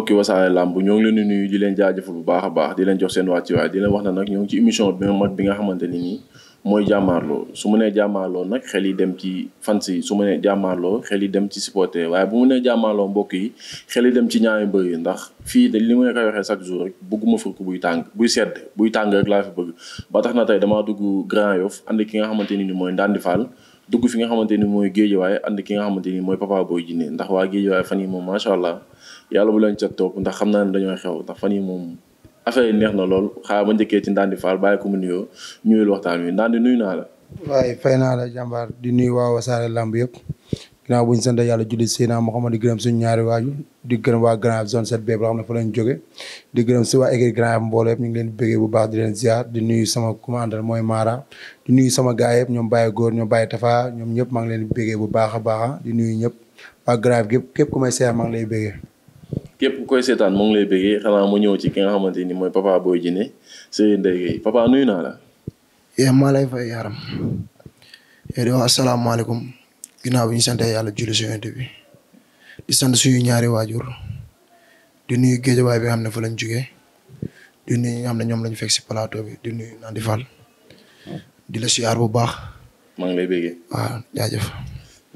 mbokki wasaare làmb ñoo ngi leen di nuyu di leen jaajëfal bu baax a baax di leen jox seen wàccuwaay di leen wax na nag ñoo mooy jàmmaarloo su mu nee jàmmaarloo nag xel yi dem ci fans yi su mu nee xel yi dem ci supporter waaye bu mu nee jàmmaarloo mbokk yi xel yi dem ci ñaari mbër yi ndax fii de li ma koy waxee chaque jour rek bëgguma fukk buy tàng buy sedd buy tàng rek laa fi bëgg ba tax na tey damaa dugg Grand Yoff ànd ki nga xamante ni ni mooy Ndandi Fall dugg fi nga xamante ni mooy Géejawaay ànd ki nga xamante ni mooy Papa Boy Djiné ndax waa Géejawaay fan yi moom macha allah yàlla bu leen ca topp ndax xam naa ne dañoo xew ndax fan yi moom affaire neex na lool xaaral ba njëkkee ci Ndandi Fall bàyyi ko mu nuyoo ñëwul waxtaan wi nuyu naa waaye fay naa la jàmbaar di nuyu waa Wassare Lamb yëpp ginnaaw bu ñu sant yàlla julli Seydina Muhammad di gërëm suñu ñaari waaju di gërëm waa Grand zone 7B ba xam ne fa jóge di gërëm si waa écrit Grand yëpp ñu ngi leen bëggee bu baax di leen ziar di nuyu sama commandant mooy Mara nuyu sama gars yëpp ñoom Baye Góor ñoom Baye Tafa ñoom ñëpp maa ngi leen bëggee bu baax a baax di ñëpp waa Grand gépp képp ku may seex maa ngi lay bëggee képp ku koy seetaan mu ngi lay bëggee xanaa mu ñëw ci ki nga xamante ni mooy papa Boy Djiné Serigne Ndeye Gueye papa nuyu naa la. yéen maa lay fay ginnaaw bi ñu sant yàlla julli si di sant suñu ñaari waajur di nuyu géejawaay bi nga xam ne fa lañ jugee di nuy ñi nga xam ne ñoom lañ fekk si plateau bi di nuyu Nandi Fall di la bu baax. maa ngi lay bëggee. waaw jaajëf.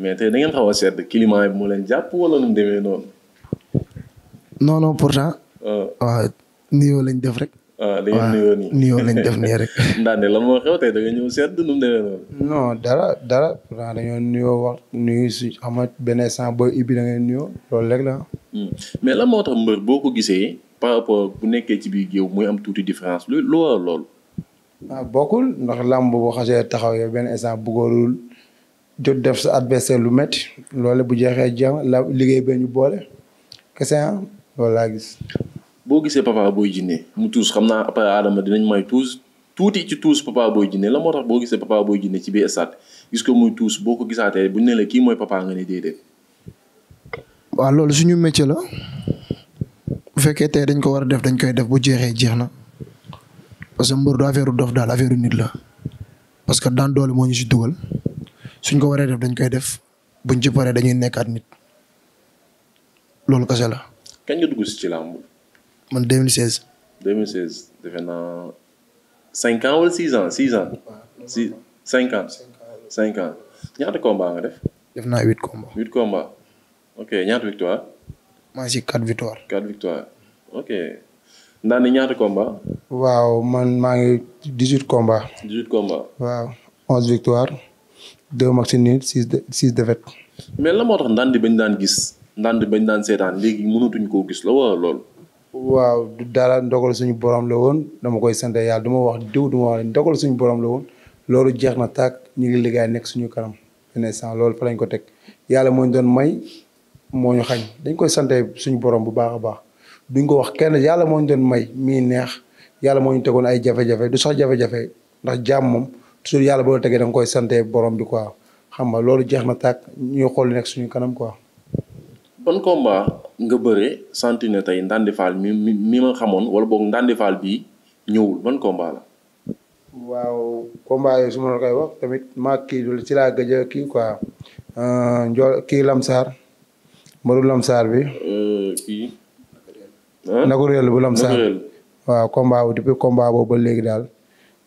mais da ngeen xaw a sedd climat bi leen jàpp wala nu mu demee noonu. non non pourtant. Euh. waaw nuyoo lañ def rek. ah da ngeen nuyoo lañ def nii rek. Ndande da ñëw seetlu nu non dara dara pourtant dañoo nuyoo wax nuyu su xama benn sant booy ubbi ngeen nuyoo loolu rek la. Hmm. mais lan moo tax mbër boo ko gisee par rapport bu nekkee ci biir géew muy am tuuti différence lu lu waral loolu. Ah, bokkul ndax làmb boo xasee taxaw yow benn instant bëggoonul jot def sa adversaire lu métti loole bu jeexee jeex la liggéey bee ñu boole kese ah. waa laa gis. boo gisee Papa Boy Djiné mu tuus xam naa après Adama dinañ may tuus tuuti ci tuus Papa Boy Djiné la moo boo gisee Papa Boy Djiné ci biir stade gis ko muy tuus boo ko gisaatee buñ ne la kii mooy papa nga ne déedéet. loolu suñu métier la bu fekkee te dañ ko war a def dañ koy def bu jeexee jeex na parce que mbër du affaire dof daal affaire nit la parce que daan doole moo ñu si dugal suñ ko waree def dañ koy def buñ ci paree dañuy nekkaat nit loolu kese la. kañ nga dugg ci làmb. man 2016. 2016 defe naa 5 ans wala 6 ans 6 ans. 6 5 ans. 5 ans ñaata combat nga def. def naa 8 komba 8 combats ok ñaata victoire. maa si 4 victoire. 4 victoire ok ndaa ñaata combats. waaw man maa ngi 18 combats. 18 combats. waaw 11 victoire 2 matchs nuls 6 6 défaites. mais la moo tax ndaan di bañ daan gis. ndànd bañ daan seetaan léegi mënatuñ koo gis la wala lool waaw du dara ndogal suñu borom la woon dama koy sant yàlla du ma wax diw du ma wax suñu borom la woon loolu jeex na tàkk ñu ngi liggéey nekk suñu kanam instant loolu fa lañ ko teg yàlla moo ñu doon may moo ñu xañ dañ koy sant suñu borom bu baax a baax duñ ko wax kenn yàlla moo doon may mii neex yàlla moo ñu tegoon ay jafe du sax jafe ndax jàmm moom toujours yàlla boo tegee da koy sante borom bi quoi xam loolu jeex na tàkk ñuy xool nekk suñu kanam quoi. ban komba nga bëree sentir ne tey Ndandi mi mi ma xamoon wala boog Ndandi Fall bii ñëwul ban combat la. waaw combat yooyu su ma la koy wax tamit maa kii ci laa gëj kii quoi. Euh, Ndiol kii Lamsaar mbaru Lamsaar bi. Euh, kii. Nagourel bu Lamsaar waaw combat bu depuis combat boobu ba léegi daal.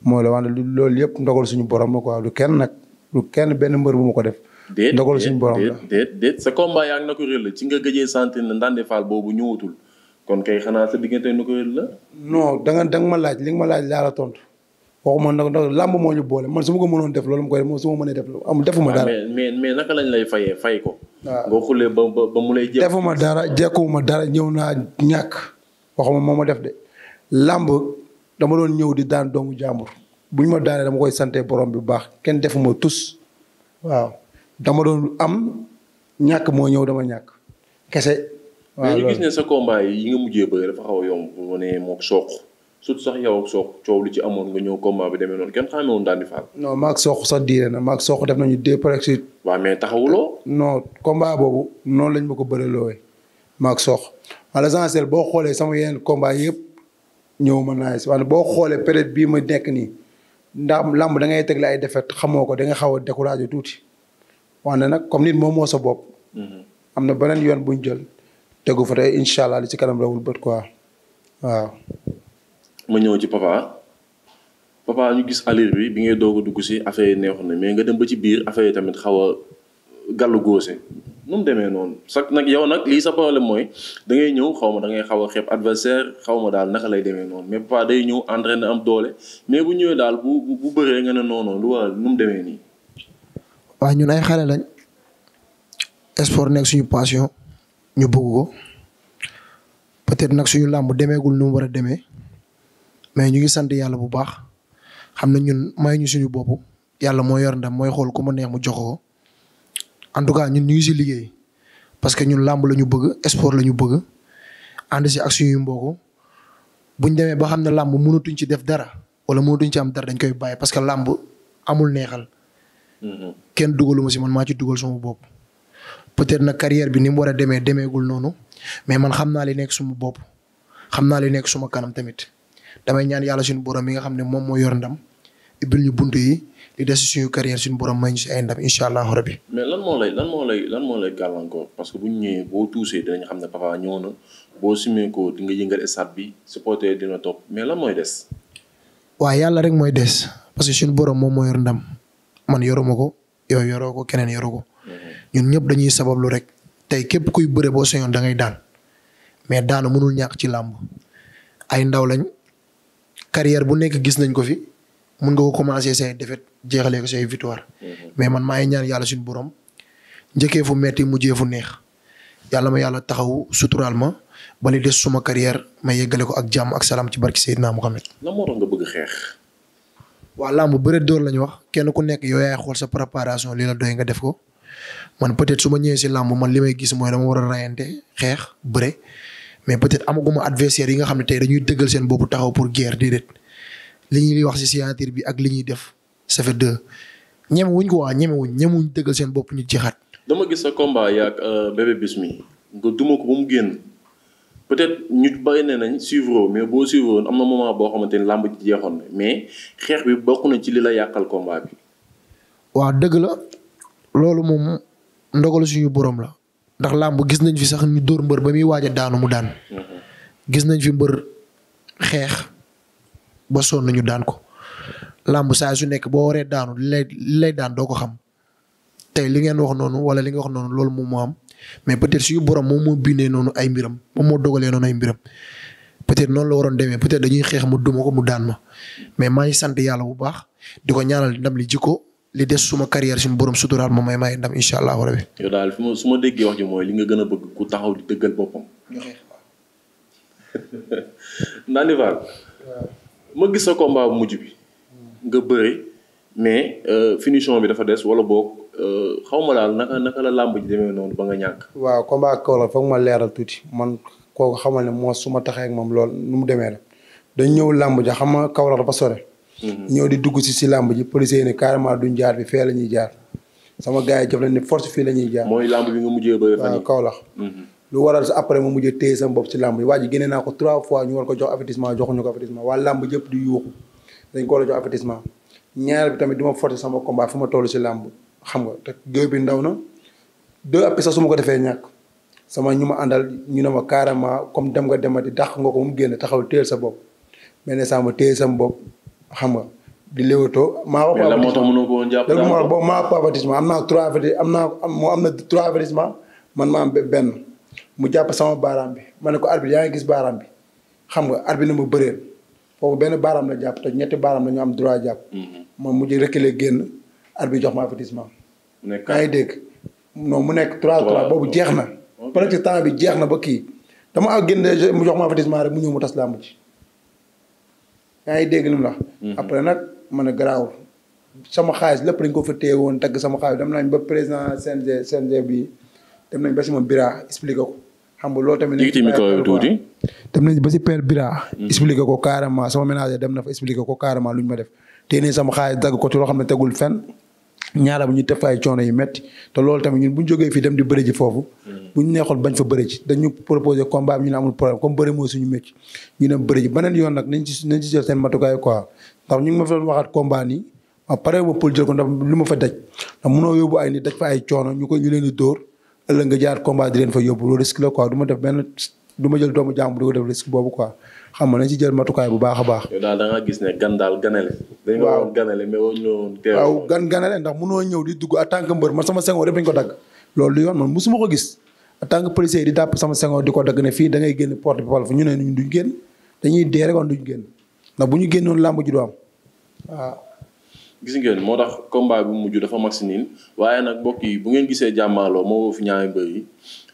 moo la wax ne loolu yëpp ndogal suñu borom la quoi du kenn nag du kenn benn mbër bu ko def. déet ndogalu suñu borom la déet déet sa combat yaa ko réel ci nga gëjee sentir ne Ndande Fall boobu ñëwatul kon kay xanaa sa diggante na ko la. non da nga ma laaj li nga ma laaj laa la tontu waxuma nag nag làmb moo ñu boole man su ma ko mënoon def loolu mu koy def su ma mënee def loolu amul defuma ah, dara. mais mais naka lañ lay fayee fay ko. waaw nga xullee ba mu lay. defuma dara jekkuwuma dara ñëw naa ñàkk waxuma moom ma def de làmb dama doon ñëw di daan doomu jàmbur bu ñu ma daanee dama koy sante borom bi bu baax kenn defuma tus waaw dama doon am ñàkk moo ñëw dama ñàkk kese. waaw loolu gis ne sa combat yi nga mujjee bëgg dafa xaw a yomb bu moo moog soq surtout sax yow ak soq coow lu ci amoon nga ñëw combat bi demee noonu kenn xamee woon daan di faal. non maag soq sax diire na maag soq def nañu deux prexit. waa mais taxawuloo. non combat boobu noonu lañ ma ko bëri loowee maag soq à l'essentiel boo xoolee sama yeneen combat yëpp ñëw ma naa si waaye boo xoolee période bii ma nekk nii ndax làmb da ngay tegle ay defet xamoo ko da nga xaw a découragé tuuti. wax ne nag comme nit moom moo sa bopp. Mhm. am na beneen yoon buñ jël tegu fa tey incha allah li ci kanam rawul bët quoi waaw. ma ñëw ci papa papa ñu gis alir bi bi ngay doog a dugg si affaire yi neexoon na mais nga dem ba ci biir affaire yi tamit xaw a gàllu góose nu mu demee noonu sax nag yow nag lii sa problème mooy da ngay ñëw xaw ma da ngay xaw a xeeb adversaire xaw ma daal naka lay demee noonu mais papa day ñëw entraîné am doole mais bu ñëwee daal bu bu bëree nga ne noonu lu war nu mu demee nii. waa ñun ay xale lañ sport nekk suñu passion ñu bëgg ko peut-être nag suñu làmb demeegul nu mu war a demee mais ñu ngi sant yàlla bu baax xam na ñun may ñu suñu bopp yàlla moo yor ndam mooy xool ku ma neex mu jox ko en tout cas ñun ñu ngi si liggéey parce que ñun làmb la ñu bëgg sport la ñu bëgg ànd si ak suñuy mbokk buñ demee ba xam ne làmb mënatuñ ci def dara wala mënatuñ ci am dara dañ koy bàyyi parce que làmb amul neexal. Mm-hmm. kenn dugaluma si man maa ci dugal sama bopp. peut-être nag carrière bi ni mu war a demee demeegul noonu mais man xam naa li nekk suma bopp xam naa li nekk suma kanam tamit damay ñaan yàlla suñu borom mi nga xam ne moom moo yor ndam ibbil bunt yi li des si suñu suñu borom may si ay incha allah rabbi. mais lan moo lay lan moo lay lan bu ñëwee boo tuusee dinañ xam ne papa ñëw na boo simee ko di nga yëngal stade bi supporter dina topp mais lan mooy des. waa yàlla rek mooy des parce que suñu borom moom moo yor ndam. man yoruma ko yow yoroo ko keneen yoroo ko mm-hmm. ñun ñëpp dañuy sabablu rek tey képp kuy bëre boo sañoon da daan mais daanu mënul ñàkk ci làmb ay ndaw lañ carrière bu nekk gis nañ ko fi mën nga ko commencé say défaite jeexalee ko say victoire mm-hmm. mais man maa ngi ñaan yàlla suñu borom njëkkee fu metti mujjee fu neex yàlla ma yàlla taxaw suturaal ma ba li des suma carrière ma yeggale ko ak jàmm ak salaam ci barki Seydina Mohamed. lan moo tax nga waa làmb bëre door la ñu wax kenn ku nekk yow yaay xool sa préparation li la doy nga def ko man peut-être su ma ñëwee si làmb man li may gis mooy dama war a xeex bëre mais peut-être amaguma adversaire yi nga xam ne tey dañuy dëggal seen bopp taxaw pour guerre déedéet li ñuy wax si signature bi ak li ñuy def ça fait deux ko waa ñemewuñ wuñ ñeme dëggal seen bopp ñu jeexaat. dama gis sa combat yaak euh, bébé bis mi duma ko ba mu génn. peut-être ñu bëri ne nañ suivre mais boo suivre woon am na moment boo xamante ni làmb ji jeexoon na mais xeex bi bokk nañ ci lii la yàqal combat bi. waaw dëgg la loolu moom ndogalu suñu boroom la ndax làmb gis nañ fi sax ñu dóor mbër ba muy waaj daanu mu daan. Mhm. nañ fi mbër xeex ba sonn nañu daan ko làmb saa su nekk boo waree daanu li lay li daan doo ko xam tey li ngeen wax noonu wala li nga wax noonu loolu moom moo am. mais peut-être borom moom moo bindee noonu ay mbiram moom moo dogalee noonu ay mbiram peut-être noonu la waroon demee peut-être dañuy xeex mu duma ko mu daan ma mais maa ngi sant yàlla bu baax di ko ñaanal ndam li jikko li des suma carrière suñu borom suturaal ma may may ndam incha allah rabi. yow daal fi ma su ma déggee wax ji mooy li nga gën a bëgg ku taxaw di dëggal boppam. Ndandival. ma gis sa combat bu mujj bi. Hmm. nga bëri mais euh, finition bi dafa des wala boo Euh, xaw ma daal naka naka la làmb ji demee noonu ba nga ñàkk. waaw combat Kaolack foog ma leeral tuuti man kooku xamal ne moo su ma taxee moom lool nu mu demee la dañ ñëw làmb ji xam nga Kaolack dafa sore. Mhm. ñëw di dugg si si làmb ji policiers yi ne duñ jaar bi fee la ñuy jaar sama gars yi jëf leen fii la ñuy jaar. mooy làmb bi nga mujjee ba. waaw Kaolack. Mhm. lu waral sa après ma mujjee téye sama bopp si làmb ji waa ji naa ko trois fois ñu war ko jox avertissement joxuñu ko avertissement waa làmb yëpp di yuuxu dañ ko war a jox avertissement ñaar bi tamit du ma forcer sama combat fu ma toll si làmb xam nga te géew bi ndaw na deux appels sax su ma ko defee ñàkk sama ñu ma àndal ñu ne ma carrément comme dem nga demati dàq nga ko mu génn taxaw téyel sa bopp mais ne sama téye sama bopp xam nga di léwatoo. maa mais lan moo tax mënoo ko woon jàpp boobu maa ko avertissement am naa trois avertissement am naa moo am na trois avertissement man maa am benn mu jàpp sama baaraam bi ma ne ko arbitre yaa ngi gis baaraam bi xam nga arbitre na ma bëreel foofu benn baaraam la jàpp te ñetti baaraam la ñu am droit jàpp. Mhm. ma mujj reculer génn arbitre jox ma avertissement. kaa ngi dégg non mu nekk 3 3 boobu jeex na. presque temps bi jeex na ba kii dama aw génne mu jox ma avertissement rek mu ñëw mu tas làmb ji kaa ngi dégg li la mhm. après nag man a garaaw sama xaalis lépp dañ ko fa téye woon dagg sama xaalis dem nañ ba président CNG CNG bi dem nañ ba si ma bira expliqué ko. xam nga loolu tamit. digg micro tuuti. dem nañ ba si père bira mhm. expliqué ko carrément sama ménager dem na fa expliqué ko carrément lu ñu ma def. téye nañ sama xaalis dagg ko ci loo xam ne tegul fenn. ñaara bu ñu def ay coono yu metti te loolu tamit ñun bu ñu jógee fii dem di bëri ji foofu. Mm. bu ñu neexoon bañ fa bëri ji dañu proposé combat bi ñu ne amul problème comme bëri moo suñu métti ñu dem bëri ji beneen yoon nag nañ ci nañ ci jël seen matukaay quoi ndax ñu ngi ma fa waxaat combat nii ma pare ba pour jël ko ndax li ma fa daj ndax mënoo yóbbu ay nit daj fa ay coono ñu ko ñu leen di dóor ëllëg nga jaar combat di leen fa yóbbu loolu risque la quoi du ma def benn du jël doomu jàmbur di ko boobu quoi. xam nga nañ ci jël matukaay bu baax a baax. yow daal da gis ne gan daal ganale. dañ ko woon ganale mais woo ñu teew waaw gan ganale ndax munoo ñëw di dugg en tant que mbër ma sama sengoo rek dañ ko dagg. loolu du yoon man suma ko gis en tant que policier di tàpp sama sengoo di ko dagg ne fii dangay ngay génn porte bi fa ñu ne ñun duñ génn dañuy dee rek woon duñ génn ndax bu ñu génn làmb ji du am waaw. gis ngeen moo tax combat bu mujj dafa mag si niin waaye nag bokki bu ngeen gisee jàmmaaloo moo woo yi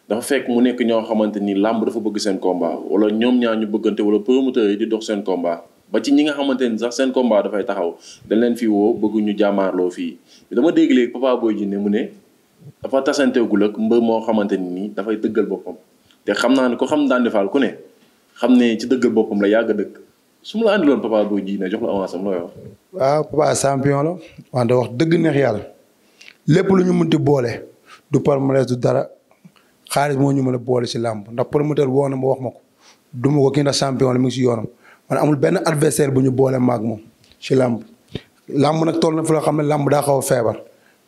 dafa fekk mu nekk ñoo xamante ni làmb dafa bëgg seen combat wala ñoom ñaa ñu bëggante wala promoteur yi di dox seen combat ba ci ñi nga xamante ni sax seen combat dafay taxaw dañ leen fi woo bëgguñu jàmmaarloo fii dama dégg léegi Papa Boy ne mu ne dafa tasanteegul ak mbër moo xamante ni nii dafay dëggal boppam te xam naa ne ko xam ne daan defaal ku ne xam ne ci dëggal boppam la yàgg dëgg su ma la andiloon Papa Boy ne jox la avance am looy wax. waaw la wante wax dëgg neex yàlla lépp lu ñu munti boole du palmarès du dara. xaalis moo ñu mën a boole si làmb ndax promoteur woo na ma wax ma ko du ma ko kii ndax champion la mu ngi si yoonam man amul benn adversaire bu ñu boole maag moom si làmb. làmb nag toll na fi loo xam ne làmb daa xaw a feebar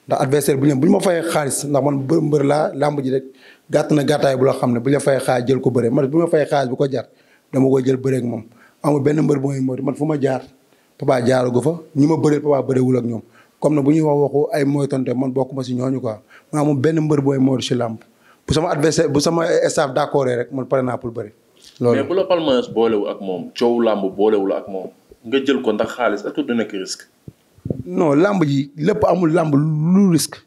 ndax adversaire bu ñu bu ñu ma fayee xaalis ndax man mbër mbër laa làmb ji rek gàtt na gàttaay bu loo xam ne bu ñu la fayee jël ko bëre man bu ma fayee xaalis bu ko jar dama koy jël bëre ak moom benn mbër bu may man fu ma jaar papa jaaragu fa ñu ma bëree papa bëreewul ak ñoom comme na bu ñuy wax waxu ay moytante man bokk ma si ñooñu quoi man amul benn mbër booy moor si làmb bu sama adversaire bu sama staff d'accord rek man pare naa pour bëri. loolu mais bu la palmarès boolewu ak moom coow làmb boolewu la ak moom nga jël ko ndax xaalis est du nekk risque. non làmb ji lépp amul làmb lu risque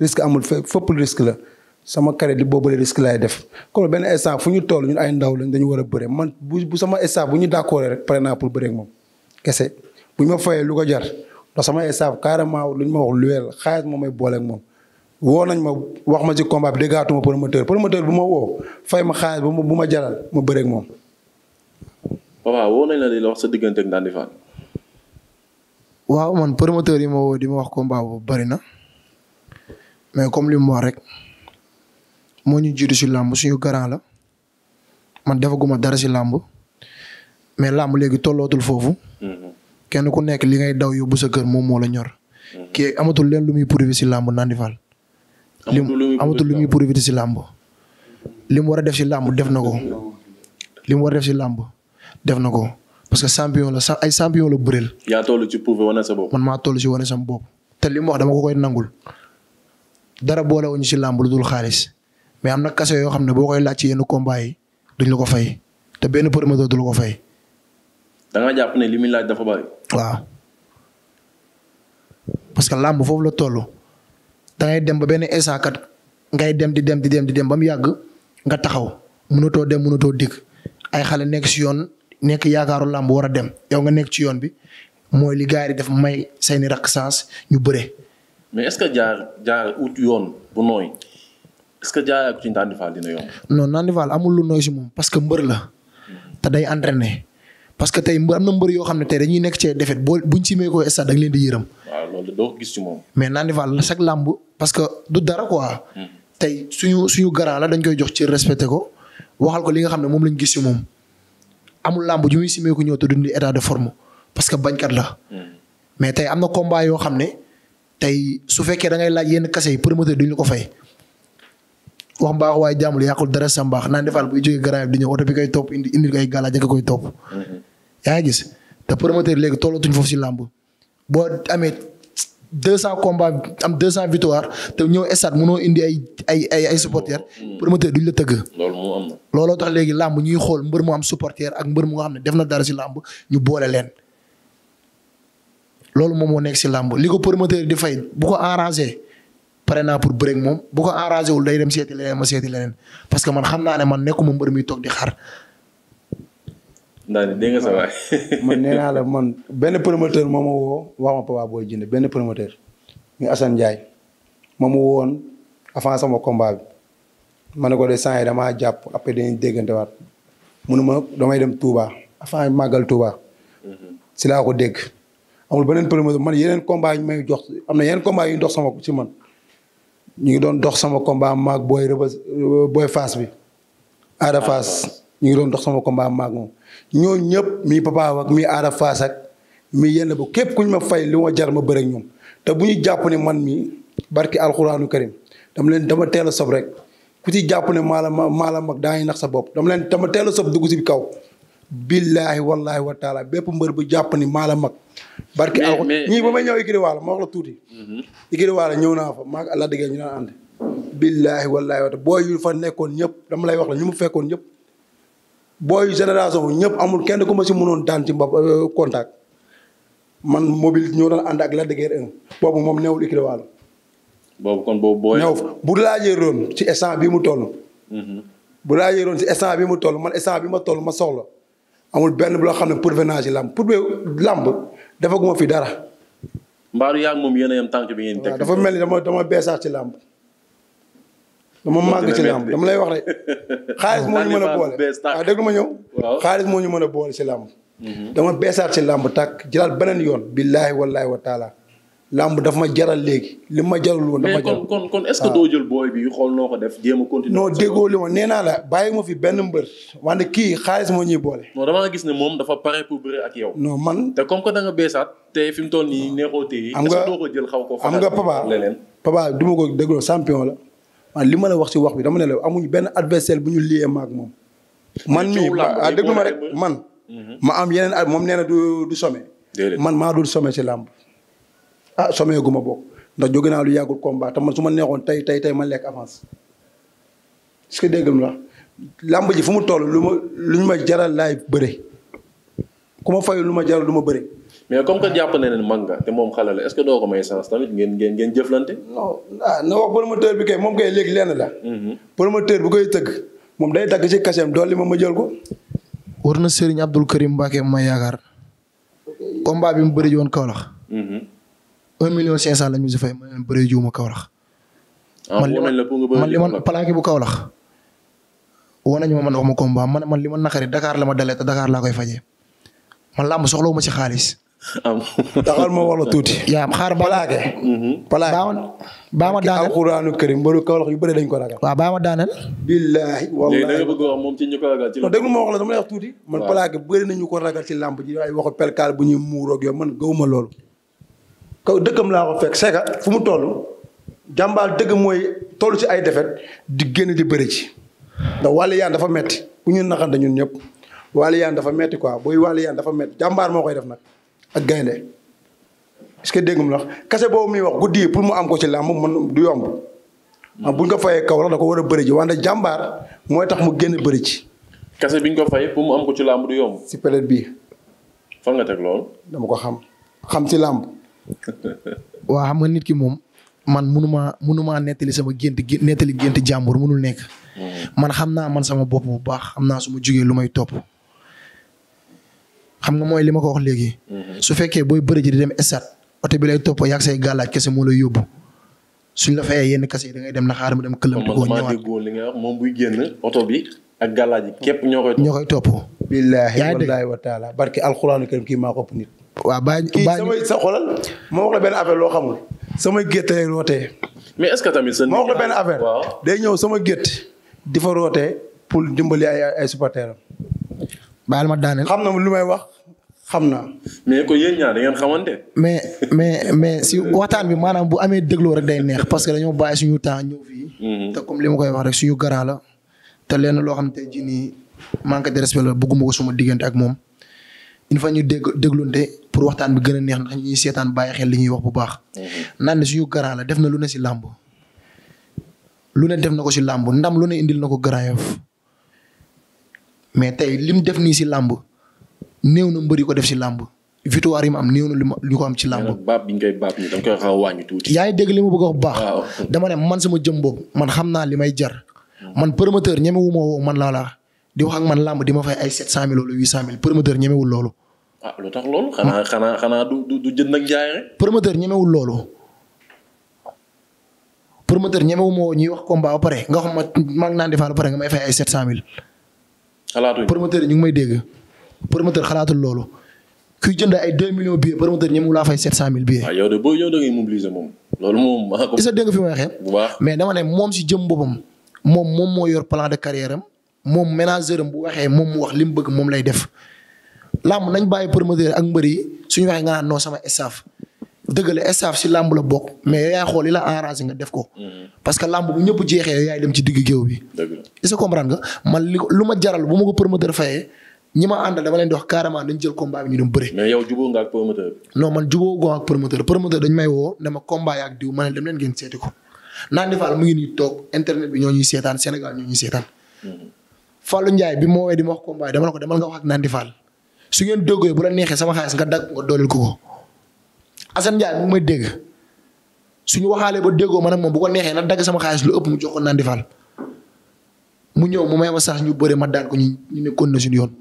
risque amul fopp risque la sama carré di boobale risque laay def kon benn staff fu ñu toll ñun ay ndaw lañ dañu war a bëri man bu bu sama staff bu ñu d'accord rek pare naa pour bëre ak moom kese bu ñu ma fayee lu ko jar ndax sama staff carrément lu ñu ma wax lu weer la moom. woo nañ ma wax ma ci combat bi déggaatuma promoteur promoteur bu ma woo fay ma xaalis bu ma bu ma jaral ma bëreeg moom. sa diggante ak Ndandy Fall. waaw man promoteur yi ma woo di ma wax combat bu bari na mais comme li mu wax rek moo ñu jiitu si làmb suñu garant la man defaguma dara si làmb mais làmb léegi tollootul foofu. Mm-hmm. kenn ku nekk li ngay daw yóbbu sa kër moom moo la ñor. Mm-hmm. kii amatul leen lu muy prouvé si làmb Ndandy lim amatul lu muy profité si làmb li mu war a def si làmb def na ko li mu war def si làmb def na ko parce que champion la ay champion la bëreel. yaa toll ci prouver wane sa bopp. man maa toll si wane sama bopp te li mu wax dama ko koy nangul dara boole wuñu si làmb lu dul xaalis mais am na kase yoo xam ne boo koy laaj ci yenn combat duñ la ko fay te benn promoteur du la ko fay. da jàpp ne li muy laaj dafa bari. waaw parce que làmb foofu la toll. da ngay dem ba benn instant kat ngay dem di dem di dem di dem ba mu yàgg nga taxaw mënatoo dem mënatoo dikk ay xale nekk si yoon nekk yaakaaru làmb war a dem yow nga nekk ci yoon bi mooy li gars yi def may seeni rakk sens ñu bëre. mais est-ce que jaar jaar ut yoon bu nooy est-ce que jaar ak ci Nandi Fall dina yomb. non Nandi amul lu nooy si moom parce que mbër la te day entraîné parce que tey am na mbër yoo xam ne tey dañuy nekk ci défaite boo buñ simee ko stade da nga leen di yërëm. waaw loolu doo gis ci moom. mais Nandi Fall la chaque làmb parce que du dara quoi. Hmm. tey suñu suñu garant la dañ koy jox ci respecté ko waxal ko li nga xam ne moom lañ gis ci moom amul làmb ju muy simee ko ñëw te dundi état de forme parce que bañkat la. Hmm. mais tey am na combat yoo xam ne tey su fekkee da ngay laaj yenn kase yi promoteur duñu ko fay. wax mbaax waaye jàmbul yàqul dara sa mbaax Nandi Fall buy jógee garab di ñëw oto bi koy topp indi indi ay galaaj ak koy topp. Hmm. yaa ngi gis te promoteur léegi tollatuñ foofu si làmb. boo amee deux cent combats am deux cent victoire te ñëw stade mënoo indi ay ay ay ay supporters. promoteur duñ la tëgg. loolu looloo tax léegi làmb ñuy xool mbër mu am supporter ak mbër mu xam ne def na dara si làmb ñu boole leen. loolu moom moo nekk si làmb li ko promoteur di fay bu ko arrangé pare naa pour bëreeg moom bu ko arrangé wul day dem seeti leneen ma seeti leneen parce que man xam naa ne man nekkuma mbër muy toog di xar ndax dégg nga man nee la man benn promoteur moo ma woo wax ma Papa Boy Djiné benn promoteur ñu Assane Ndiaye moo ma woon avant sama combat bi ma ne ko de saa yi jàpp après dañuy déggante waat mu ne ma damay dem Touba avant màggal Touba. Mhm. si laa ko dégg. amul beneen promoteur man yeneen combat yu may jox am na yeneen combat yu ndox sama ci man ñu ngi doon dox sama combat maag booy rëbës booy Fass bi. Ada Fass ñu ngi doon dox sama combat maag moom ñoo ñëpp mi Papa Awa ak mi Ada Fass ak mi yenn bu képp ku ñu ma fay li ma jar ma bëre ñoom mi barki alxuraanu karim la maa la mag daa ngi nax sa bopp dama leen dama teel a sob dugg si kaw. billaahi wallaahi wa taala bépp mbër bu jàpp ni la mag. barki alxuraan ñii ba ma wax la tuuti. Mm-hmm. Ikiri Waala ñëw naa fa maa ngi àll ñu naan ànd. billaahi wallaahi wa taala booy yu fa nekkoon ñëpp dama lay wax la ñu mu fekkoon ñëpp. booy génération ñëpp amul kenn ku ma si mënoon daan ci mbab euh, contact man mobile ñoo doon ànd ak la de Guiers 1. boobu moom newul écurie Walo. boobu kon bu laajee roon ci instant bi mu toll. Mhm. bu laajee roon ci instant bi mu toll man instant bi ma toll ma soxla amul benn loo xam ne pourvenance yi làmb pour be làmb dafa guma fi dara. mbaaru yaa ngi moom yéen a yem tànk bi ngeen teg. dafa mel ni dama dama beesaat ci làmb. dama màgg ci làmb dama lay wax rek xaalis moo ñu mën a boole waaw ah, ma ñëw xaalis moo ñu mën a boole ci làmb mhm. dama beesaat ci làmb tàkk jaral beneen yoon billaahi wallaahi wa taala làmb dafa ma jaral léegi li ma jarul woon dafa jaral kon kon est-ce que ah. doo jël booy bi xool noo ko def jéem a continuer non déggoo li ma nee naa la bàyyi ma fi benn mbër wante kii xaalis moo ñuy boole non damaa gis ne moom dafa pare pour ak yow noo man te comme que da nga beesaat te fi mu toll nii neexoo téye am nga doo ko xaw ko am nga papa papa du ma ko dégloo samp la man li ma la wax ci wax bi dama ne la amuñu benn adversaire bu ñu lié maag moom. man mii ah déglu ma rek man. Mhm. ma am yeneen at moom nee na du du man maa dul sommet ci làmb. ah sommet gu ma bokk ndax jóge naa lu yàggul combat te su ma neexoon tey tey tey ma lekk avance. est que dégg ji fu mu toll lu ma lu ñu ma jaral laay bëre ku ma fayul lu ma jaral lu ma bëre. mais comme que jàpp na ne man nga te moom xale la est-ce que doo ko may sens tamit ngeen ngeen ngeen jëflante. non ah na wax bi kay moom kay léegi lenn la. Mhm. promoteur bu koy tëgg moom day dagg ci kasem doole ma ma jël ko. war na Serigne Abdul Karim Mbacke ma yaakaar combat bi mu bëri ji woon Kaolack. Mhm. un million cinq cent ñu si fay ma leen bëri jiwuma Kaolack. Ah, man li man li man plaqué bu Kaolack. woo nañu ma man wax ma combat man li ma naqari Dakar la ma dalee te dakaar laa koy fajee man làmb soxlawu ma ci xaalis. taxal ma wax la tuuti. yaa xaar ba mm-hmm. baa ma daaneel alxuraanu karim mbaru kawlax yu bëri dañ ko ragal. waaw baa ma daaneel. billaahi wallaahi léegi da wax moom ci ñu ko ragal ci la. tuuti. man palaake bëri nañu ko ragal ci làmb ji ay waxu pelkaal bu ñuy muuroog yow man gawuma loolu. kaw dëkkam laa ko fekk seeka fu mu toll jàmbaar dëgg mooy toll ci ay defet di génn di bëri ci. ndax wàllu dafa metti ku ñu naxam dañu ñëpp wàllu yaan dafa metti quoi booy wàllu dafa metti jàmbaar moo koy def nag ak gaynde parce que déggum la kase boobu muy wax guddi yi pour mu am ko ci làmb mën du yomb ah buñ ko fayee kaw la da ko war a bëri ji wante jàmbaar mooy tax mu génn bëri ci. kase biñ ko fay pour mu am ko ci làmb du yomb. si période bii. fan nga teg lool. dama ko xam xam si làmb. waa xam nga nit ki moom man mënumaa mënumaa nettali sama gént gi nettali gént jàmbur mënul nekk. Hmm. man xam naa man sama bopp bu baax xam naa su ma jugee lu may topp. xam nga mooy li ma ko wax léegi. Mhm. su fekkee booy bëri ji di dem estat oto bi lay topp yàgg say gàllaaj kese moo la yóbbu suñ la fayee yenn kese yi da ngay dem na xaar mu dem. këllam di ko ñëwaat li nga oto bi ak gàllaaj képp ñoo ñoo koy topp. billaahi wallaahi wa taala barki alxuraanu karim kii maa ko ëpp nit. waaw baa baa samay sa xolal ma wax la benn affaire loo xamul. samay gétt lay mais est ce que tamit seen. ma benn affaire day ñëw sama gétt. di fa rootee pour dimbali ay ay supporteram baal ma daaneel xam na lu may wax xam na. mais ko mais mais mais si waxtaan bi maanaam bu amee dégloo rek day neex parce que dañoo bàyyi suñu temps ñëw fii. Mhm. comme li ma koy wax rek suñu garant la. te lenn loo xam te ji nii manque de respect la bëgguma ko suma diggante ak moom. il fa ñu dégg déglunte pour waxtaan bi gën a neex ndax ñuy seetaan bàyyi xel li ñuy wax bu baax. Mhm. naan ne suñu garant la def na lu ne si làmb. lu ne def na ko si làmb ndam lu ne indil na ko Grand Yoff mais tey lim def nii si làmb néew na mbëri ko def si làmb victoire yi mu am néew na lu ko am ci làmb. baab baab ñu da a yaa ngi dégg li ma bëgg a bu baax. dama ne man sama jëm boobu man xam naa li may jar. man promoteur ñeme wu ma woo man laa di wax ak man làmb di ma fay ay sept cent mille wala huit cent mille promoteur ñemewul loolu. ah lu tax loolu. xanaa xanaa xanaa du du jënd ak jaay rek. promoteur ñemewul loolu. promoteur ñemewu ma woo wax combat ba pare nga xam ma maa ngi naan defaat ba pare nga may fay ay sept cent mille. xalaatuñ promoteur yi ñu ngi may dégg promoteur xalaatul loolu kuy jënd ay 2 millions billets promoteur ñoom laa fay 700000 billets. waaw yow de boo yow da ngay mobiliser moom. loolu moom maa ko. dégg nga fi may waxee. mais dama moom si jëm boppam moom moom moo yor plan de carrière am moom manager bu waxee moom mu wax li mu bëgg moom lay def. làmb nañ bàyyi promoteur ak mbër yi suñu waxee nga naan non sama staff dëgg la staff si làmb la bokk mais yow yaa xool li la enragé nga def ko. Mm-hmm. parce que làmb bu ñëpp jeexee yow yaay dem ci digg géew bi. dëgg la est-ce nga man li lu ma jaral bu ma ko promoteur fayee ñi ma ànd dama leen di wax carrément dañ jël combat bi ñu dem bëre. mais yow jubóo nga ak promoteur bi. non man jubóo woo dama combat yaak diw ma leen ngeen seeti ko naan di faal mu ngi nii toog internet bi ñoo ñuy seetaan Sénégal ñoo ñuy seetaan. Mm-hmm. Fallou Ndiaye bi ma woowee di ma wax combat dama la ko demal nga wax ak naan faal su ngeen déggee bu la neexee sama xaalis nga dagg nga dooleel ko ko Assane Ndiaye mu may dégg suñu waxaalee ba déggoo ma nag moom bu ko neexee nag dagg sama xaalis lu ëpp mu jox ko naan di mu ñëw mu may ma sax ñu bëre ma daan ko ñu yoon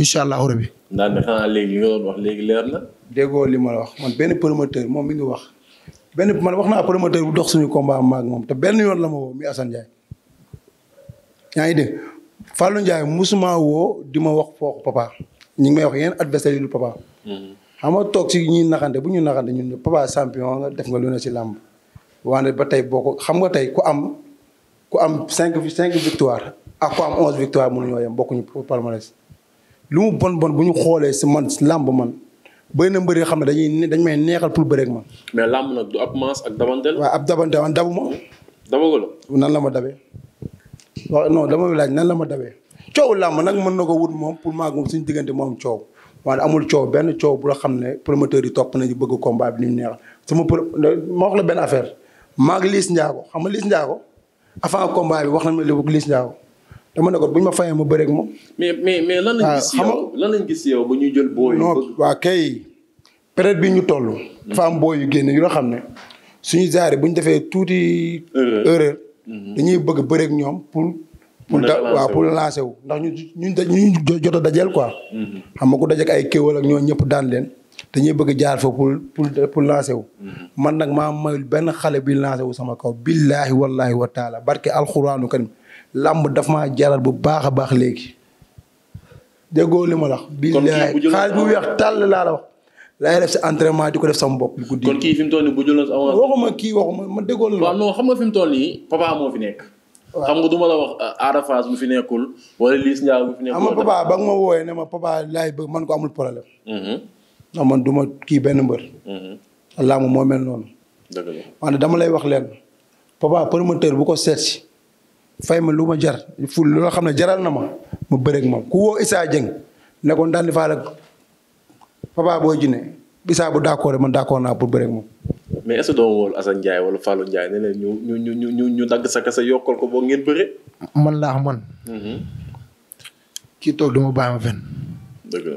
incha allah rabbi. naan ne xanaa léegi léegi leer na. li ma wax man benn promoteur moom mi ngi wax benn man wax naa promoteur bu dox suñu combat maag moom benn yoon la ma woo mi Assane Ndiaye. ngi dégg Fallou musuma woo di ma wax foofu papa ñu ngi may wax yeneen adversaire yu dul papa. Mm-hmm. xam nga toog si ñuy naxante bu ñu naxante ñun papa champion nga def nga lu ne si làmb wante ba tey boo ko xam nga tey ku am ku am cinq cinq victoire ak ko am onze victoire mënuñoo yem bokkuñu palmarès lu mu bon bon bu ñu xoolee si man làmb man bëri na mbëri xam ne dañuy dañ may neexal pour bëreeg man. mais làmb nag du ab maas ak dabante la. waaw ab dabante man nan la ma dabee. waaw non dama laaj nan la ma dabee. coow làmb nag mën na ko wut moom pour maagum suñu diggante moom coow. waaye amul coow benn coow bu la xam ne promoteur yi topp nañu bëgg combat bi ni mu neex sama pro ma wax la benn affaire maa liis Liss Ndiago xam nga liis Ndiago avant combat bi nañ ma li Liss Ndiago dama ne ko bu ñu ma fayee ma bëreek moom. mais mais mais lan lañ ah, gis yow lan lañ gis yow ba ñuy jël booy. non waa kay période bi ñu toll. dafa am booy yu génn yu nga xam ne suñu jaaree bu ñu defee tuuti. erreur mhm. dañuy bëgg bëreeg ñoom pour. pour waaw pour lancer wu ndax ñu ñu ñu jot a dajeel quoi. Mm-hmm. xam ma ko dajeeg ay kéwal ak ñoo ñëpp daan leen dañuy bëgg jaar fa pour pour pour wu. Mm-hmm. man nag maa mayul benn xale bi lancer wu sama kaw billaahi wallaahi wa taala barke alxuraanu karim làmb daf maa jaral bu baax a baax léegi. déggoo li ma la wax. billaahi xaalis bu weex tàll laa la wax. laay def si entraînement di ko def sama bopp. guddi kon kii fi mu toll nii waxuma kii waxuma ma déggoo la. waaw non xam nga fi mu toll nii papa moo fi nekk. xam nga du ma la wax euh, Ada Fass bu fi nekkul wala Liss Ndiago bu fi nekkul. ama papa ba nga ma wooyee ne ma papa laay bëgg man ko amul problème. Mm-hmm. ndax man du ma kii benn mbër. allah mm-hmm. ma moo mel noonu. dëgg dama lay wax leen papa promoteur bu ko seet fay ma lu ma jar ful loo xam ne jaral na ma ma bëreeg ma ku woo Issa Dieng ne ko Ndandi Fall ak papa boo jinne Issa bu d'accord man d'accord naa pour bëreeg moom. mais est-ce que doo wóolu Assane Ndiaye wala Fallou Ndiaye ne leen ñu ñu ñu ñu ñu ñu dagg sa kese boo ngeen bëre. man laa man. Mm-hmm. kii toog du ma bàyyi ma fenn. dëgg la.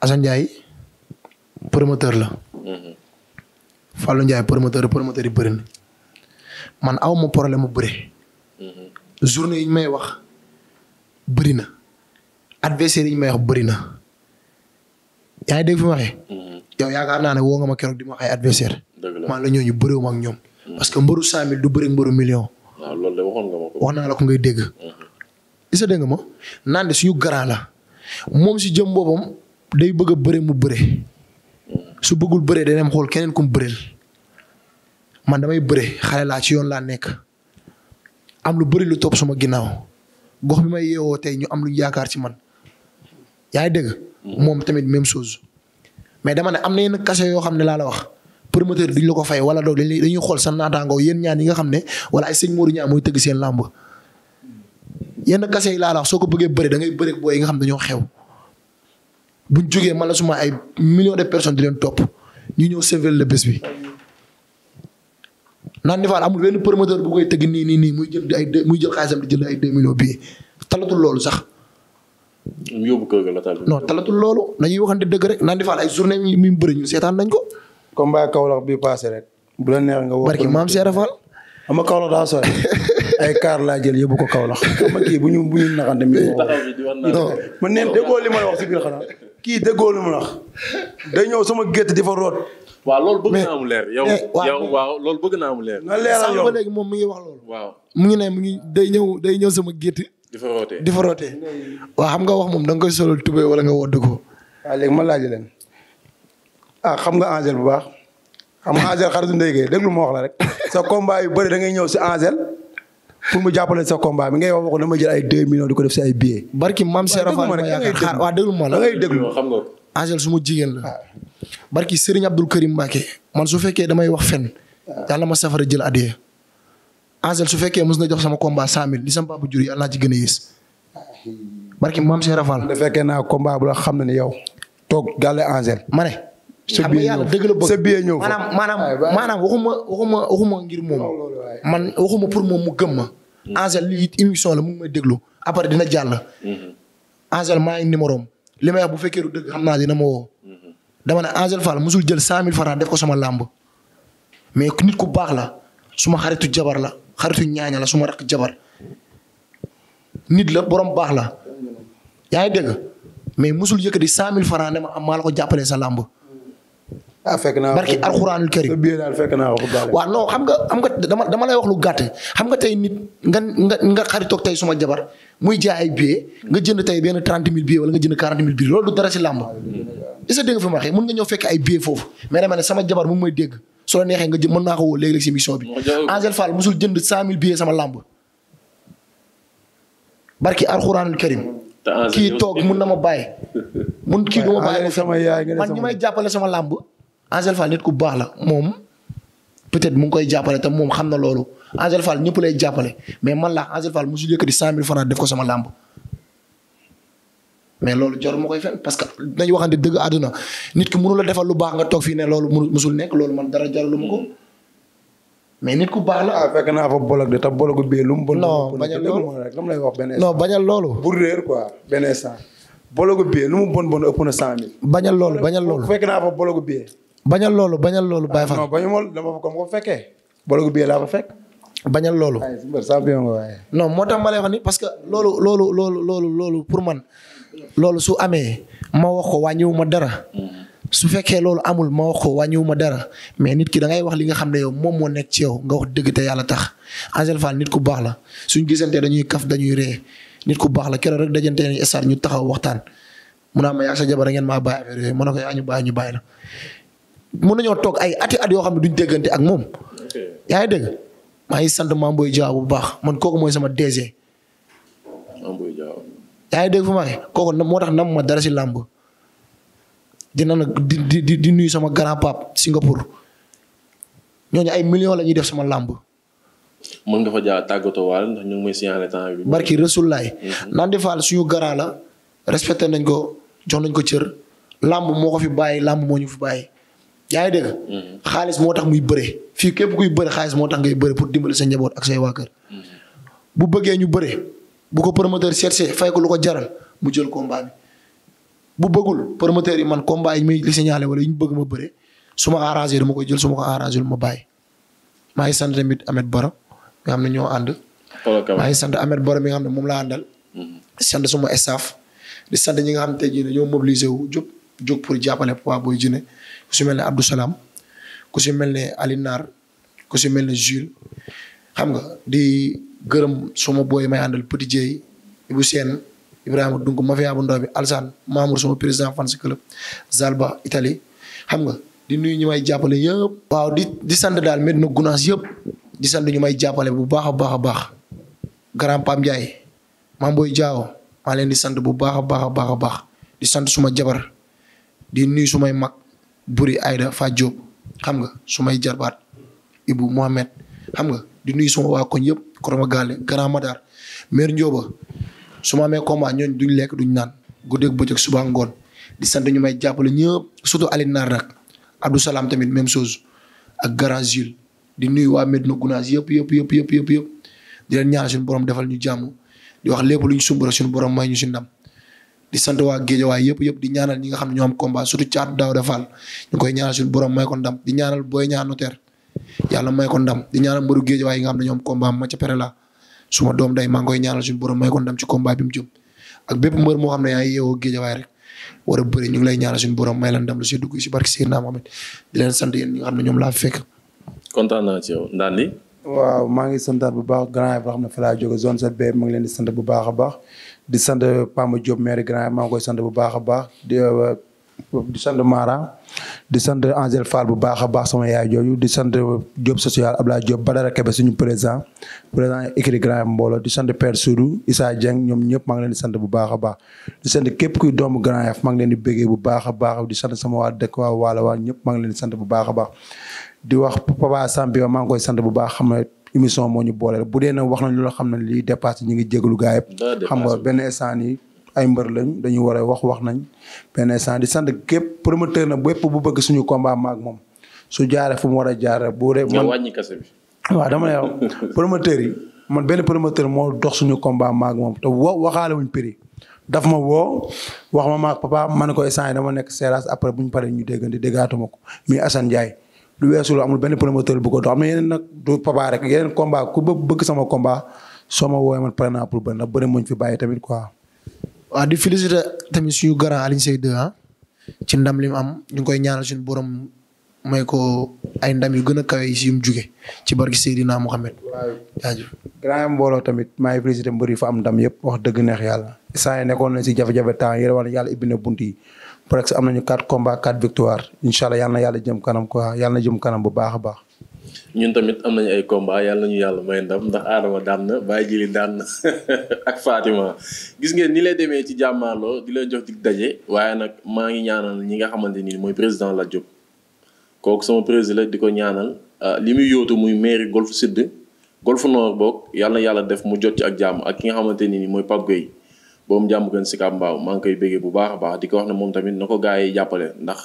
Assane Ndiaye promoteur la. Mm-hmm. Fallou Ndiaye promoteur yi bëri na man aw ma problème mu bëri. Mm-hmm. journée yi may wax bëri na. adversaire yi ñu may wax bëri na. yaa ngi dégg fi mu waxee. yow yaakaar naa ne woo nga ma keroog di ma ay adversaire man la ñooñu bëriwuma ak ñoom hmm. parce que mbëru cent du bëri mbëru million loolu de waxoon wax naa la ko ngay dégg hmm. isa dégg ma naan suñu grand la moom si jëm boppam day bëgg a bëre mu bëre hmm. su bëggul bëre dana dem keneen ku mu bëreel man damay bëre xale ci yoon laa nekk am lu bëri lu topp suma ginnaaw gox bi may yeewoo tey ñu am lu yaakaar ci man yaa ngi dégg moom tamit même chose mais dama am na yenn cachet yoo xam ne laa la wax promoteur duñ la ko fay wala doog dañuy xool sa naataangoo yéen ñaan yi nga xam ne wala ay sëñ Modou ñaan mooy yenn cachet yi laa soo ko bëggee bëri da ngay bëri booy yi nga xam ne dañoo jógee man la suma ay millions de personnes di leen topp ñu ñëw sévère le bés bi. naan ni faal amul benn promoteur bu koy tëgg nii nii nii muy jël di ay muy jël xaalisam di jël ay deux millions bii talatul loolu sax. mu yóbbu kër ga la tal. non talatul loolu nañuy waxante dëgg rek naan di faal ay journée mi mi bëri ñu seetaan nañ ko. combat Kaolack bi passé rek. bu la neex nga woo. barki maam Seera Fall. daa sore ay kaar laa jël yóbbu ko Kaolack bu ñu bu ñu naxante mi non man neen déggoo li may wax si biir xanaa kii déggoo li mu wax day ñëw sama gétt di fa root waaw loolu bëgg naa mu leer yow yow loolu bëgg naa mu leer nga leeral léegi moom mi ngi wax loolu waaw mu ngi ne mu ngi day ñëw day ñëw sama gétt di fa rootee xam nga wax moom da nga koy solal tubéy wala nga wodd ko. waaw léegi ma laaj leen ah xam nga Angel bu baax xam nga Angel xaritu Ndeye Gueye déglu ma wax la rek sa combat yu bëri da ngay ñëw si Angel pour mu jàppale sa combat mi ngay wax ko dama jël ay 2 millions di ko def maam Serapha ma yaakaar xaar waaw déglu la da ngay xam nga. Angel suma ma jigéen la. Ah. barki Serigne Abdul Karim Mbacke man su fekkee damay wax fen yàlla ma safara jël adiya Angel su fekkee mos na jox sama combat 100000 li sama papa jur yi yàlla naa ci gën ne yow. toog gàlle Angel. ma ne. xam nga yàlla dëgg ngir moom. man waxuma pour moom mu gëm ma. Angel lii la mu ngi may déglu dina jàll. Mm-hmm. Angel numéro li may bu fekkee du dëgg xam naa dina ma woo. Mm-hmm. dama ne Angel Fall mosul jël 100000 francs def ko sama làmb mais nit ku baax la suma xaritu jabar la. xaritu ñaaña la su ma rakk jabar nit la borom baax la yaa ngi dégg mais musul yëkkati cent mille francs ne ma am maa la ko jàppalee sa làmb. ah naa barki alxuraanul karim fekk naa waaw non xam nga xam nga dama dama lay wax lu gàtt xam nga tey nit nga nga nga xaritoog tey suma jabar muy jaay ay billets nga jënd tey benn trente mille billets wala nga jënd quarante mille billets loolu du dara si làmb. est-ce que dégg nga fi ma waxee mën nga ñëw fekk ay bii foofu mais dama ne sama jabar mu ngi dégg. soo neexee nga jë mën naa ko woo léegi-léegi si émission bi Angel Fall mosul jënd cent mille billets sama làmb barki alxuraanul karim kii toog mun na ma bàyyi mun kii du ma bàyyi sama yaay man ñi may jàppale sama làmb Angel Fall nit ku baax la moom peut-être mu ngi koy jàppale te moom xam na loolu Angel Fall ñëpp lay jàppale mais man laa Angel Fall mosul yëkkati cent mille francs def ko sama làmb mais loolu jarul ma koy fen parce que nañu waxante dëgg àdduna nit ki mënu la defal baax nga toog fii ne loolu mënu mësul nekk loolu man dara jaralu ma ko ku baax la. Ah, fekk naa fa bolok de te lu mu. bon non bañal loolu non lay wax benn non bañal loolu. bu réer lu mu bon bon ëpp na cent mille. loolu bañal loolu. fekk naa fa boloku loolu bañal loolu bàyyi fa. non bañumal dama fa ko ko fekkee. boloku bee laa fa fekk. bañal loolu. ay super champion nga waaye. non moo tax ma lay wax ni loolu pour man loolu su amee ma wax ko wàññiwuma dara. su fekkee loolu amul ma wax ko wàññiwuma dara mais nit ki da ngay wax li nga xam ne yow moom moo nekk ci yow nga wax dëgg te yàlla tax Angel Fall nit ku baax la suñ gisantee dañuy kaf dañuy ree nit ku baax la keroog rek dajante nañu ñu taxaw waxtaan. mun naa ma yaa sa jabar ngeen maa bàyyi affaire yooyu ma ko ñu bàyyi ñu bàyyi la mun nañoo toog ay ati at yoo xam ne duñ déggante ak moom. yaa ngi dégg maa ngi sant Mame Boye bu baax man kooku mooy sama DG. yaa ngi dégg fu ma waxee kooku moo tax nam ma dara si làmb dina nag di di di nuyu sama grand pape Singapour ñooñu ay millions lañuy def sama làmb. mën nga fa jaar tàggatoo waale ndax ñu ngi may signaler temps bi. barki Rasulaay. Mhm. Nandi Fall suñu grand la respecté nañ ko jox nañ ko cër làmb moo ko fi bàyyi làmb moo ñu fi bàyyi. yaa ngi dégg. Mhm. xaalis moo tax muy bëre fii képp kuy bëre xaalis moo tax ngay bëre pour dimbali sa njaboot ak say waa kër. Mhm. bu bëggee ñu bëre. bu ko promoteur cherché fay ko lu ko jaral mu jël combat bi bu bëggul promoteur yi man combat yi may li signalé wala yi ñu bëgg ma bëre suma ma arrangé dama koy jël suma ko arrangé ma bàyyi. maa ngi sant tamit Ahmed Boro mi nga ñoo ànd. maa ngi sant Ahmed Boro mi nga xam ne moom laa andal di sant suma staff. di sant ñi nga xam te jii ñoo mobilisé wu jóg jóg pour jàppale Papa booy Djiné ku si mel ne Abdou Salam ku si mel ne Aliou ku si mel ne Jules xam nga di gërëm suma booy may àndal Petit Dieye Ibou Sène Ibrahima Dunk mafia bu ndaw bi Alsane Mamour suma président fans club Zalba itali xam nga di nuyu ñu may jàppale yëpp. waaw di di sant daal na Gounass yëpp di sant ñu may jàppale bu baax a baax a baax grand Pam Ndiaye Mame Boy Diao maa leen di sant bu baax a baax a baax a baax di sant suma jabar di nuyu sumay mag Buri Aïda Fa Diop xam nga sumay jarbaat Ibou Mohamed xam nga. di nuyu suma waa koñ yëpp Koroma Gale Grand Madar maire Ndioba su ma amee combat ñooñ duñ lekk duñ naan guddeeg bëccëg suba ngoon di sant ñu may jàppale ñëpp surtout Alioune Nar nag Abdou Salam tamit même chose ak Grand di nuyu waa Medina yëpp yëpp yëpp yëpp yëpp yëpp di borom defal ñu jàmm di wax lépp lu ñu sumb rek suñu borom may ñu si ndam waa yëpp yëpp di ñaanal ñi nga xam ne ñoo am combat surtout Thiatou Daouda Fall ñu koy ñaanal suñu borom may ko dam di ñaanal Boy Niang Notaire yàlla may ko ndam di ñaanal mbëru géej waaye yi nga xam ne ñoom combat ma ca pere la suma doom day maa ngi koy ñaanal suñu borom may ko ndam ci combat bi ñu ngi lay ñaanal suñu borom may la ndam lu si dugg si barke Seydina Mohamed di leen sant yéen ñi nga xam waaw maa ngi santaat bu baax Grand Yoff xam ne fa laa jóge zone 7B di sant bu baax baax di sant Pamba Diop maire Grand Yoff maa ngi koy sant bu baax a baax di sant Mara di sant Angel Fall bu baax a baax sama yaay jooju di sant Diop social Abdoulaye Diop Badara Kebe suñu président président écrit grand mboolo di sant Père Soudou Issa Dieng ñoom ñëpp maa ngi leen di sant bu baax a baax. di kuy doomu Grand maa ngi leen di bëggee bu baax a baax di sant sama waa dëkk waa Waalo waa ñëpp maa bu baax a baax. wax Papa Sambiwa maa ngi koy sant bu baax xam na émission moo ñu booleel bu dee nag wax nañ loo xam na lii dépassé ñu ngi jégalu gaa yëpp. xam nga benn instant yi ay mbër lañ dañu war a wax wax nañ benn instant di sant képp promoteur na bépp bu bëgg suñu combat maag moom su jaaree fu mu war a jaaree bu dee. nga wàññi dama ne yow promoteur yi man benn promoteur moo dox suñu combat maag moom te wo waxaale wuñ prix daf ma woo wax ma maag papa ma ne ko instant yi dama nekk séerase après bu ñu paree ñu déggante déggaatuma ko muy Assane Ndiaye. lu weesuloo lu amul benn promoteur bu ko dox am na yeneen nag du papa rek yeneen combat ku bëgg sama combat soo ma woowee man pare naa pour bëri na bëri moo ñu fi bàyyi tamit quoi. waaw di félicité tamit suñu grand Alioune Seye 2 ah ci ndam li mu am ñu ngi koy ñaanal suñu borom may ko ay ndam yu gën a kawe si mu jugee ci barki Seydina Mohamed. waaw jaajëf. grand mbooloo tamit maa ngi félicité mbër yi fa am ndam yëpp wax dëgg neex yàlla. saa yi nekkoon na si jafe-jafe temps yéen wala yàlla ibbi na bunt yi presque am nañu quatre combats quatre victoires incha allah yal na yàlla jëm kanam quoi yal na jëm kanam bu baax a baax. ñun tamit am nañu ay combat yàlla nañu yàlla may ndam ndax Adama daan na Baye Jili daan na ak Fatima gis ngeen ni lay demee ci jàmmaaloo di leen jox dig daje waaye nag maa ngi ñaanal ñi nga xamante ni mooy président la Diop kook sama président la di ko ñaanal ah, li muy yootu muy mairie Golf Sud Golf Nord boog yàlla yàlla def mu jot ci ak jàmm ak ki nga xamante ni mooy Pape Gueye boobu jàmm gën si Kambaaw maa ngi koy béggee bu baax a baax di ko wax ne moom tamit na ko gars yi jàppale ndax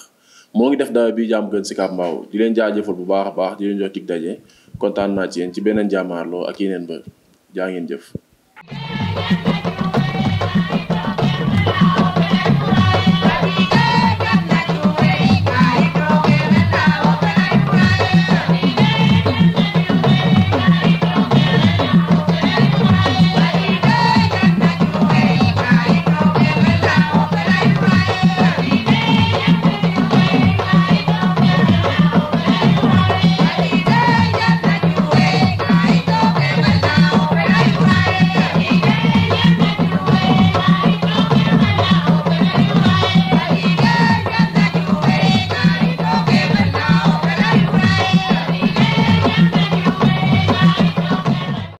moo ngi def dawe bi jàmm gën si Kaap Mbaaw di leen jaajëfal bu baax a baax ji leen jox dig daje kontaan naa ci yéen ci beneen jàmmaarloo ak yeneen ba jaa ngeen jëf